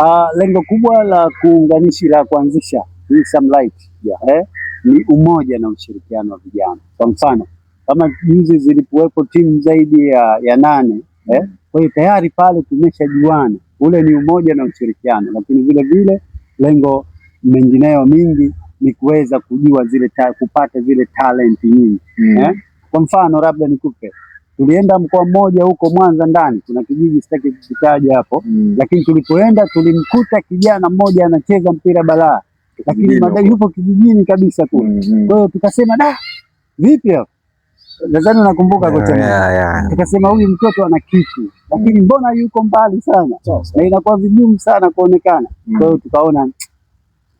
Uh, lengo kubwa la kuunganishi la kuanzisha Sunlight yeah. Eh, ni umoja na ushirikiano wa vijana. Kwa mfano kama juzi zilikuwepo timu zaidi ya, ya nane eh, kwa hiyo tayari pale tumeshajuana, ule ni umoja na ushirikiano, lakini vile vile lengo mengineyo mingi ni kuweza kujua zile ta, kupata zile talenti nyingi mm. eh? Kwa mfano labda nikupe tulienda mkoa mmoja huko Mwanza ndani, kuna kijiji sitaki kukitaja hapo mm. Lakini tulipoenda tulimkuta kijana mmoja anacheza mpira balaa, lakini madai yupo kijijini kabisa kule mm -hmm. Kwa hiyo tukasema da, vipi hapo nadhani unakumbuka kocha yeah, yeah. Tukasema huyu mtoto ana kitu lakini mm. mbona yuko mbali sana so, so. Na inakuwa vigumu sana kuonekana mm. Kwa hiyo mm. tukaona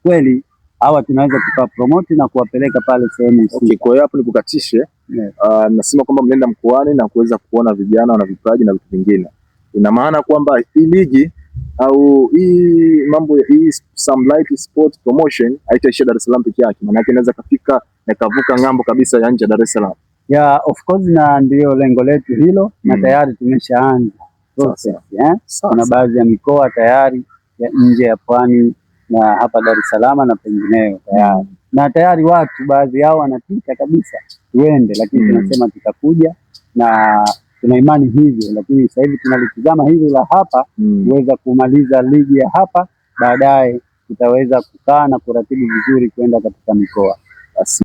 kweli hawa tunaweza promote na kuwapeleka pale sehemu husika. Okay, kwa hiyo hapo nikukatishe. Yeah. Uh, nasema kwamba mlienda mkoani na kuweza kuona vijana na vipaji na vitu vingine, ina maana kwamba hii ligi au hii mambo ya hii light Sport Promotion haitaishia Dar es Salaam peke yake, maana yake inaweza kafika na kavuka ng'ambo kabisa ya nje ya Dar es Salaam. Yeah, of course, na ndio lengo letu hilo mm. na tayari tumeshaanza process, eh? Kuna baadhi ya mikoa tayari ya nje ya pwani na hapa Dar es Salaam na pengineyo tayari na tayari watu baadhi yao wanapita kabisa, tuende, lakini mm. tunasema tutakuja na tuna imani hivyo, lakini sasa hivi tunalitizama hili la hapa mm. kuweza mm. kumaliza ligi ya hapa, baadaye tutaweza kukaa na kuratibu vizuri kwenda katika mikoa basi.